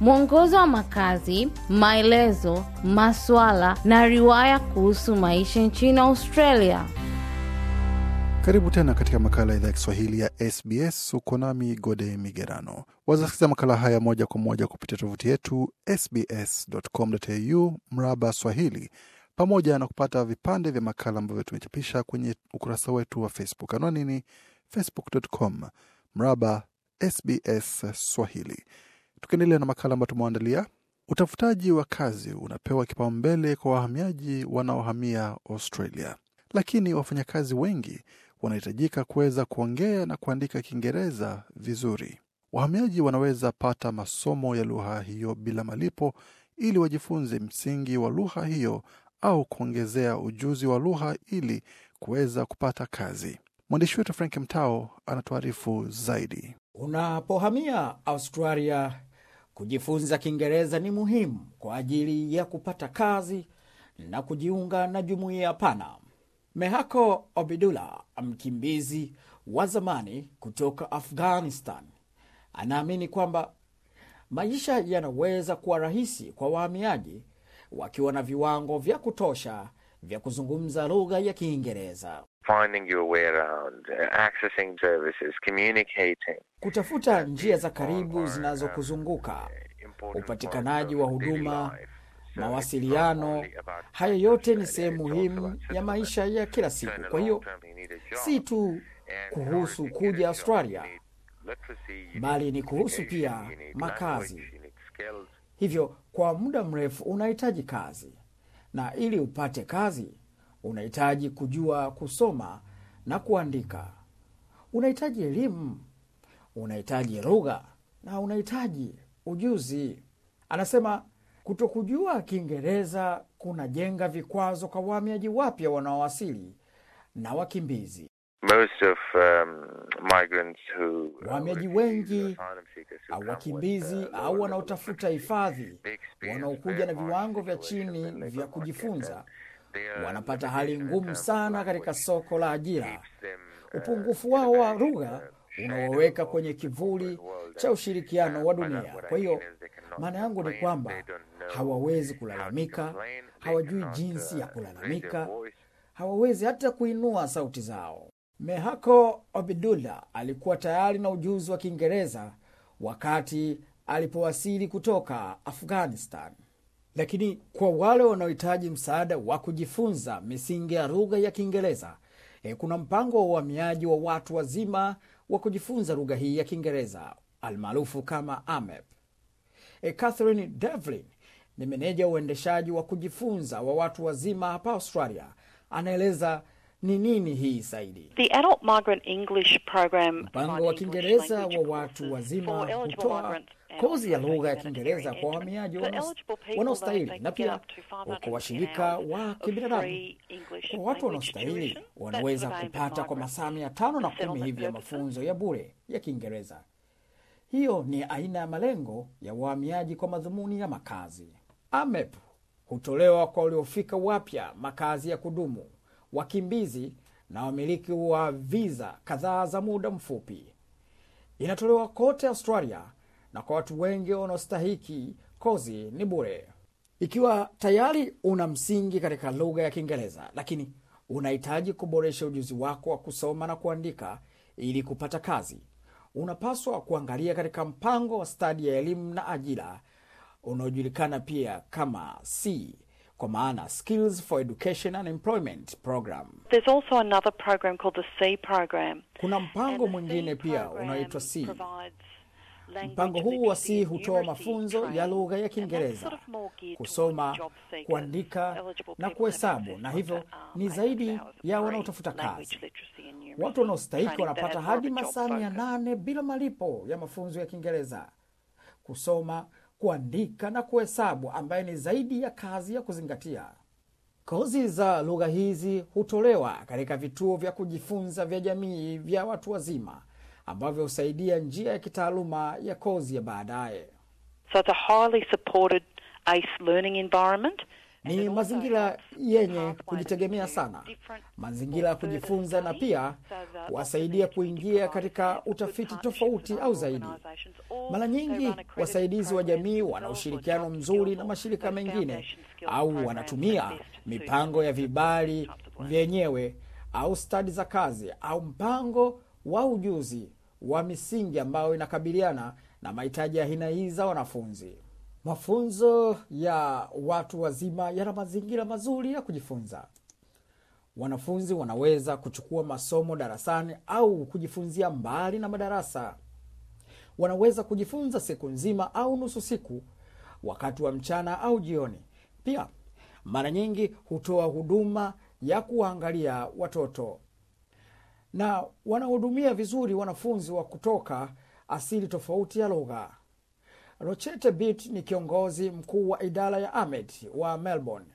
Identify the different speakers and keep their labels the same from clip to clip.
Speaker 1: mwongozo wa makazi, maelezo, maswala na riwaya kuhusu maisha nchini Australia. Karibu tena katika makala ya idhaa ya Kiswahili ya SBS. Uko nami Gode Migerano. Wazasikiza makala haya moja kwa moja kupitia tovuti yetu sbs.com.au mraba Swahili, pamoja na kupata vipande vya makala ambavyo tumechapisha kwenye ukurasa wetu wa Facebook. Anwani ni facebook.com mraba SBS Swahili. Tukiendelea na makala ambayo tumewaandalia, utafutaji wa kazi unapewa kipaumbele kwa wahamiaji wanaohamia Australia, lakini wafanyakazi wengi wanahitajika kuweza kuongea na kuandika Kiingereza vizuri. Wahamiaji wanaweza pata masomo ya lugha hiyo bila malipo ili wajifunze msingi wa lugha hiyo au kuongezea ujuzi wa lugha ili kuweza kupata kazi. Mwandishi wetu Frank Mtao anatuarifu zaidi.
Speaker 2: Unapohamia Australia, Kujifunza Kiingereza ni muhimu kwa ajili ya kupata kazi na kujiunga na jumuiya pana. Mehako Obidula, mkimbizi wa zamani kutoka Afghanistan, anaamini kwamba maisha yanaweza kuwa rahisi kwa wahamiaji wakiwa na viwango vya kutosha vya kuzungumza lugha ya Kiingereza. Uh, Kutafuta njia za karibu uh, zinazokuzunguka, uh, upatikanaji wa huduma, mawasiliano, haya yote ni sehemu muhimu ya maisha ya kila siku. Kwa hiyo si tu kuhusu kuja Australia, bali ni kuhusu pia makazi. Hivyo kwa muda mrefu unahitaji kazi na ili upate kazi unahitaji kujua kusoma na kuandika, unahitaji elimu, unahitaji lugha na unahitaji ujuzi. Anasema kutokujua Kiingereza kunajenga vikwazo kwa wahamiaji wapya wanaowasili na wakimbizi
Speaker 1: um, uh,
Speaker 2: wahamiaji wengi uh, au wakimbizi au wanaotafuta hifadhi wanaokuja na viwango vya chini vya kujifunza wanapata hali ngumu sana katika soko la ajira. Uh, Upungufu wao wa lugha unaoweka kwenye kivuli cha ushirikiano wa dunia. Kwa hiyo maana yangu ni kwamba hawawezi kulalamika, hawajui jinsi ya kulalamika, hawawezi hata kuinua sauti zao. Mehako Obidullah alikuwa tayari na ujuzi wa Kiingereza wakati alipowasili kutoka Afghanistan, lakini kwa wale wanaohitaji msaada wa kujifunza misingi ya lugha ya Kiingereza, e, kuna mpango wa uhamiaji wa watu wazima wa kujifunza lugha hii ya Kiingereza almaarufu kama AMEP. E, eh, Catherine Devlin ni meneja uendeshaji wa kujifunza wa watu wazima hapa Australia, anaeleza ni nini hii zaidi? Mpango wa Kiingereza wa watu wazima hutoa kozi ya lugha ya Kiingereza kwa wahamiaji wanaostahili na pia kwa washirika wa kibinadamu. Kwa watu wanaostahili, wanaweza kupata kwa masaa mia tano na kumi hivi ya mafunzo ya bure ya Kiingereza. Hiyo ni aina ya malengo ya wahamiaji kwa madhumuni ya makazi. AMEP hutolewa kwa waliofika wapya makazi ya kudumu wakimbizi na wamiliki wa viza kadhaa za muda mfupi. Inatolewa kote Australia na kwa watu wengi wanaostahiki kozi ni bure, ikiwa tayari una msingi katika lugha ya Kiingereza, lakini unahitaji kuboresha ujuzi wako wa kusoma na kuandika ili kupata kazi. Unapaswa kuangalia katika mpango wa stadi ya elimu na ajira unaojulikana pia kama C kwa maana Skills for Education and Employment program.
Speaker 1: There's also another program called the C program.
Speaker 2: Kuna mpango mwingine pia unaoitwa C. Mpango huu wa C hutoa mafunzo ya lugha ya Kiingereza, kusoma, kuandika na kuhesabu, na hivyo uh, ni zaidi ya wanaotafuta kazi. Watu wanaostahiki wanapata hadi masaa mia nane bila malipo ya mafunzo ya Kiingereza, kusoma kuandika na kuhesabu, ambayo ni zaidi ya kazi ya kuzingatia. Kozi za lugha hizi hutolewa katika vituo vya kujifunza vya jamii vya watu wazima ambavyo husaidia njia ya kitaaluma ya kozi ya baadaye. Ni mazingira yenye kujitegemea sana, mazingira ya kujifunza na pia kuwasaidia kuingia katika utafiti tofauti au zaidi, mara nyingi wasaidizi wa jamii wana ushirikiano mzuri na mashirika mengine au wanatumia mipango ya vibali vyenyewe au stadi za kazi au mpango wa ujuzi wa misingi ambayo inakabiliana na mahitaji ya aina hii za wanafunzi. Mafunzo ya watu wazima yana mazingira mazuri ya kujifunza. Wanafunzi wanaweza kuchukua masomo darasani au kujifunzia mbali na madarasa wanaweza kujifunza siku nzima au nusu siku, wakati wa mchana au jioni. Pia mara nyingi hutoa huduma ya kuwaangalia watoto na wanahudumia vizuri wanafunzi wa kutoka asili tofauti ya lugha. rochete bit ni kiongozi mkuu wa idara ya AMET wa Melbourne,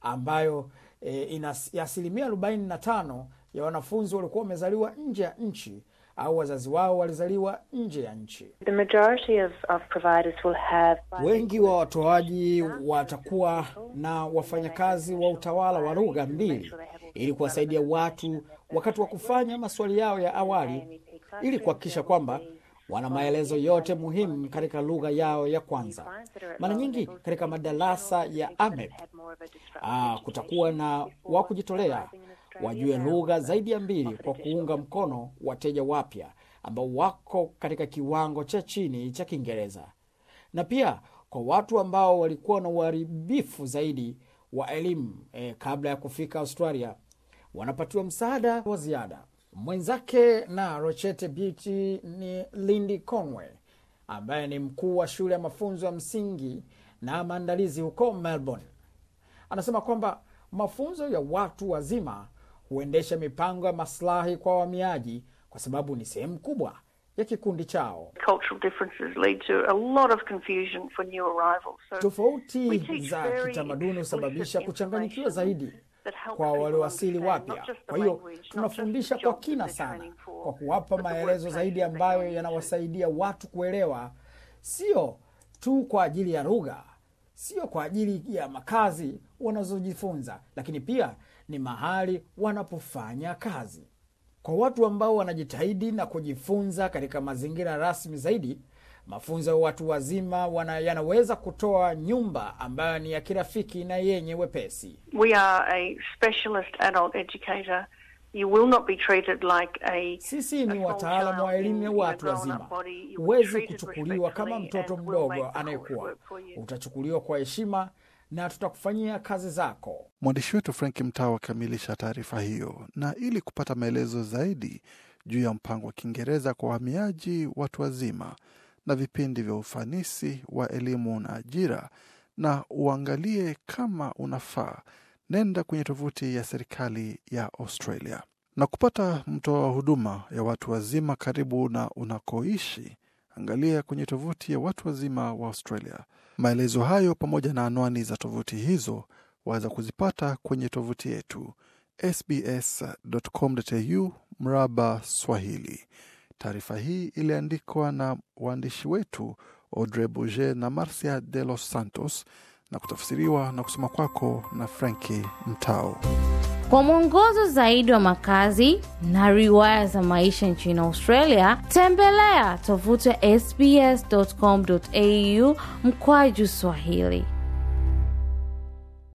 Speaker 2: ambayo e, ina asilimia 45 ya wanafunzi walikuwa wamezaliwa nje ya nchi au wazazi wao walizaliwa nje ya nchi. Wengi wa watoaji watakuwa na wafanyakazi wa utawala wa lugha mbili ili kuwasaidia watu wakati wa kufanya maswali yao ya awali ili kuhakikisha kwamba wana maelezo yote muhimu katika lugha yao ya kwanza. Mara nyingi katika madarasa ya AMEP ah, kutakuwa na wa kujitolea wajue lugha zaidi ya mbili kwa kuunga mkono wateja wapya ambao wako katika kiwango cha chini cha Kiingereza na pia kwa watu ambao walikuwa na uharibifu zaidi wa elimu eh, kabla ya kufika Australia wanapatiwa msaada wa ziada. Mwenzake na rochete Beauty ni Lindi Conway ambaye ni mkuu wa shule ya mafunzo ya msingi na maandalizi huko Melbourne. Anasema kwamba mafunzo ya watu wazima huendesha mipango ya masilahi kwa wahamiaji kwa sababu ni sehemu kubwa ya kikundi chao. Tofauti za kitamaduni husababisha kuchanganyikiwa zaidi kwa waliowasili wapya. Kwa hiyo tunafundisha kwa kina sana, kwa kuwapa maelezo zaidi ambayo yanawasaidia watu kuelewa, sio tu kwa ajili ya rugha sio kwa ajili ya makazi wanazojifunza, lakini pia ni mahali wanapofanya kazi. Kwa watu ambao wanajitahidi na kujifunza katika mazingira rasmi zaidi Mafunzo ya watu wazima wana yanaweza kutoa nyumba ambayo ni ya kirafiki na yenye wepesi.
Speaker 1: We are a You will not be treated like a, sisi
Speaker 2: ni wataalamu wa elimu ya watu wazima. Huwezi kuchukuliwa kama mtoto mdogo anayekuwa, utachukuliwa kwa heshima na tutakufanyia kazi zako.
Speaker 1: Mwandishi wetu Frank mtao akamilisha taarifa hiyo. Na ili kupata maelezo zaidi juu ya mpango wa Kiingereza kwa wahamiaji watu wazima na vipindi vya ufanisi wa elimu na ajira na uangalie kama unafaa. Nenda kwenye tovuti ya serikali ya Australia na kupata mtoa wa huduma ya watu wazima karibu na unakoishi. Angalia kwenye tovuti ya watu wazima wa Australia. Maelezo hayo pamoja na anwani za tovuti hizo waweza kuzipata kwenye tovuti yetu sbs.com.au mraba Swahili. Taarifa hii iliandikwa na waandishi wetu audre Bouget na Marcia de los Santos na kutafsiriwa na kusoma kwako na Franki Mtao. Kwa mwongozo zaidi wa makazi na riwaya za maisha nchini Australia, tembelea tovuti ya sbs.com.au mkwaju Swahili.